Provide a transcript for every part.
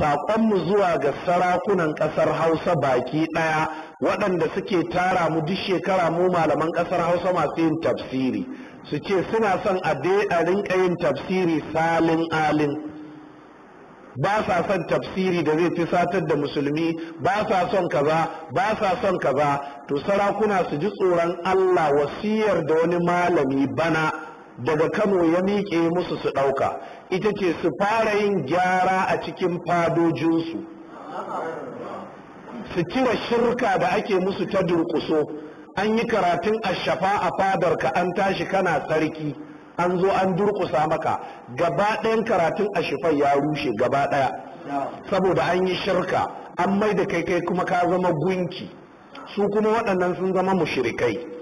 saƙonmu zuwa ga sarakunan ƙasar Hausa baki ɗaya waɗanda suke tara mu duk shekara mu malaman ƙasar Hausa masu yin tafsiri su ce suna son a a rinka yin tafsiri salin alin ba sa son tafsiri da zai fi satar da musulmi ba sa son kaza ba sa son kaza to sarakuna su ji tsoron Allah wasiyar da wani malami bana daga Kano ya miƙe musu su ɗauka ita ce su fara yin gyara a cikin fadojinsu su cire shirka da ake musu ta durƙuso. an yi karatun ashafa a fadarka an tashi kana sarki an zo an durƙusa maka gaba ɗayan karatun ashifai ya rushe gaba ɗaya saboda an yi shirka an mai da kai kai kuma ka zama gunki su kuma waɗannan sun zama mushirikai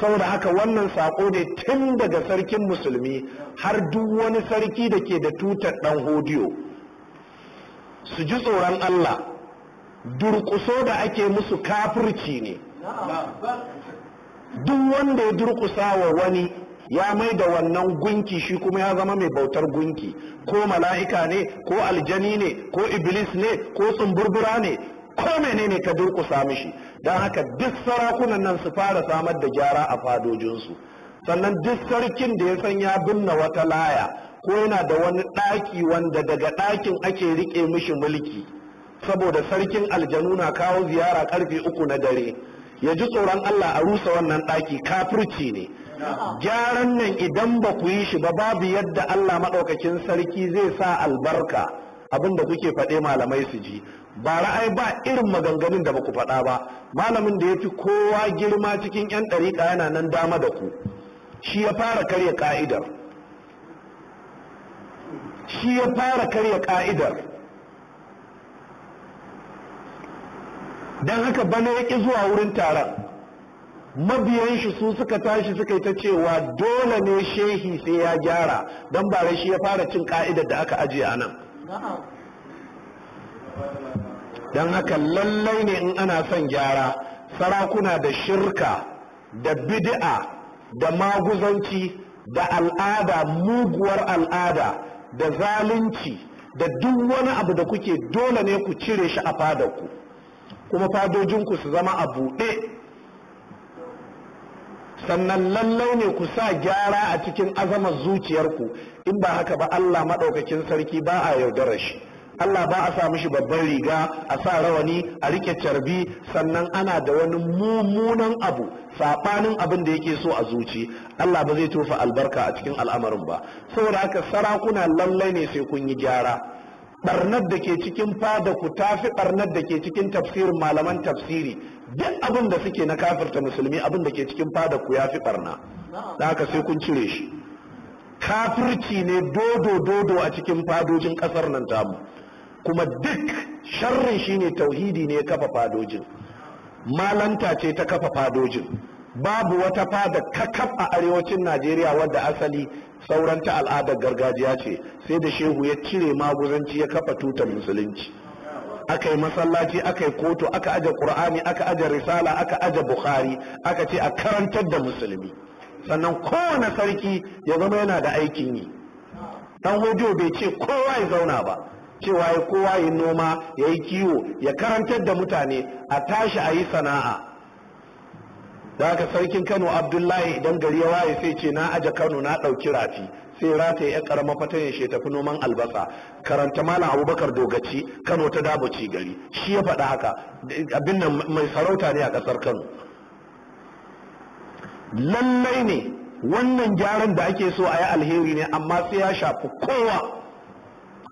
saboda haka wannan saƙo ne tun daga sarkin musulmi har duk wani sarki da ke da tutar ɗan hodiyo su ji tsoron Allah durƙuso da ake musu kafirci ne duk wanda ya durƙusa wa wani ya mai da wannan gunki shi kuma ya zama mai bautar gunki ko mala'ika ne ko aljani ne ko iblis ne ko tsumburbura ne ko menene ka durƙusa mishi don haka duk sarakunan nan su fara samar da gyara a fadojinsu sannan duk sarkin da ya san ya binne wata laya ko yana da wani ɗaki wanda daga ɗakin ake riƙe mishi mulki saboda sarkin aljanu na kawo ziyara karfe uku na dare ya ji tsoron Allah a rusa wannan ɗaki kafirci ne gyaran nan idan ba ku yi shi ba babu yadda Allah maɗaukakin sarki zai sa albarka abinda kuke faɗe malamai su ji ba ra'ayi ba irin maganganun da baku faɗa ba malamin da ya fi kowa girma cikin 'yan ɗariƙa yana nan dama da ku shi ya fara karya ƙa'idar shi ya fara karya ƙa'idar don haka bana ya ƙi zuwa wurin taron mabiyan shi su suka tashi suka yi ta cewa dole ne shehi sai ya gyara don ba shi ya fara cin ƙa'idar da aka ajiye a nan don haka lallai ne in ana son gyara sarakuna da shirka da bid'a da maguzanci da al'ada muguwar al'ada da zalunci da duk wani abu da kuke dole ne ku cire shi a fadarku kuma fadojinku su zama a buɗe sannan lallai ne ku sa gyara a cikin azamar zuciyarku in ba haka ba Allah maɗaukakin sarki ba a yaudarar shi Allah ba a sa mishi babban riga a sa rawani a rike carbi sannan ana da wani mummunan abu saɓanin abin da yake so a zuci Allah ba zai tofa albarka a cikin al'amarin ba saboda haka sarakuna lallai ne sai kun yi gyara barnar da ke cikin fada ku tafi barnar da ke cikin tafsirin malaman tafsiri duk abin da suke na kafirta musulmi abin da ke cikin fada ku ya barna da haka sai kun cire shi kafirci ne dodo dodo a cikin fadojin kasar nan tamu kuma duk sharrin shine tauhidi ne ya kafa fadojin malanta ce ta kafa fadojin babu wata fada kakaf a arewacin najeriya wadda asali sauranta al'adar gargajiya ce sai da shehu ya cire maguzanci ya kafa tutar musulunci aka yi masallaci aka yi koto, aka aje qur'ani aka aje risala aka aje bukhari aka ce a karantar da musulmi sannan kowane sarki ya zama yana da aikin yi dan hujjo bai ce kowa ya zauna ba cewa ya kowa yi noma ya yi kiwo ya karantar da mutane a tashi a yi sana'a da aka sarkin kano abdullahi idan gari ya waye sai ce na aja kano na ɗauki rafi sai rataye ya karama fata ya she tafi noman albasa karanta malam abubakar dogaci kano ta ci gari shi ya faɗa haka abin nan mai sarauta ne a ƙasar kano lallai ne wannan gyaran da ake so a yi alheri ne amma sai ya shafi kowa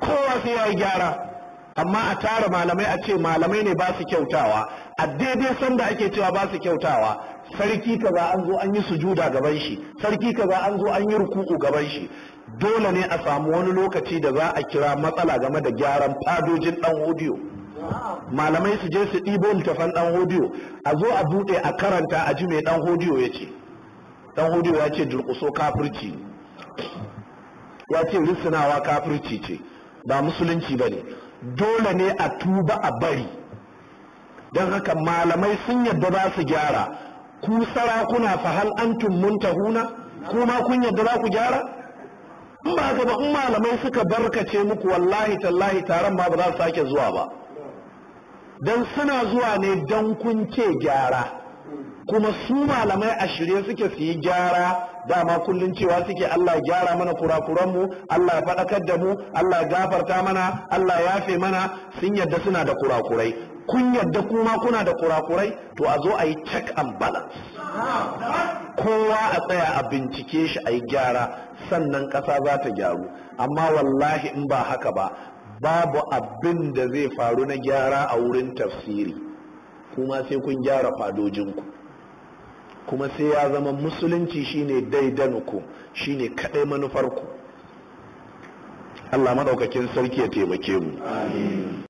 kowa sai ya yi gyara amma a tara malamai a ce malamai ne ba su kyautawa a daidai sanda ake cewa ba su kyautawa sarki za an zo an yi sujuda gaban shi sarki za an zo an yi ruku'u gaban shi dole ne a samu wani lokaci da za a kira matsala game da gyaran fadojin dan audio malamai su je su ɗibo littafan dan audio a zo a buɗe a karanta a ji mai dan audio ya ce dan audio ya ce durƙuso kafirci ya ce risinawa kafirci ce ba musulunci ba ne dole ne a tuba a bari don haka malamai sun yadda za su gyara ku sarakuna fa hal antum muntahuna kuma kun yadda za ku gyara in ba haka ba in malamai suka barkace muku wallahi tallahi taron ba za su sake zuwa ba don suna zuwa ne don kun ce gyara kuma su malamai a shirye suke su yi gyara dama kullum cewa suke Allah gyara mana kurakuran mu Allah ya faɗakar da mu Allah ya gafarta mana Allah ya yafe mana sun yadda suna da kurakurai kun yadda kuma kuna da kurakurai to a zo a yi check and balance kowa a tsaya a bincike shi a yi gyara sannan ƙasa za ta gyaru amma wallahi in ba haka ba babu abin da zai faru na gyara a wurin tafsiri kuma sai kun gyara fadojinku kuma sai ya zama musulunci shine daidanuku shine kadai manufarku Allah madaukakin sarki ya taimake mu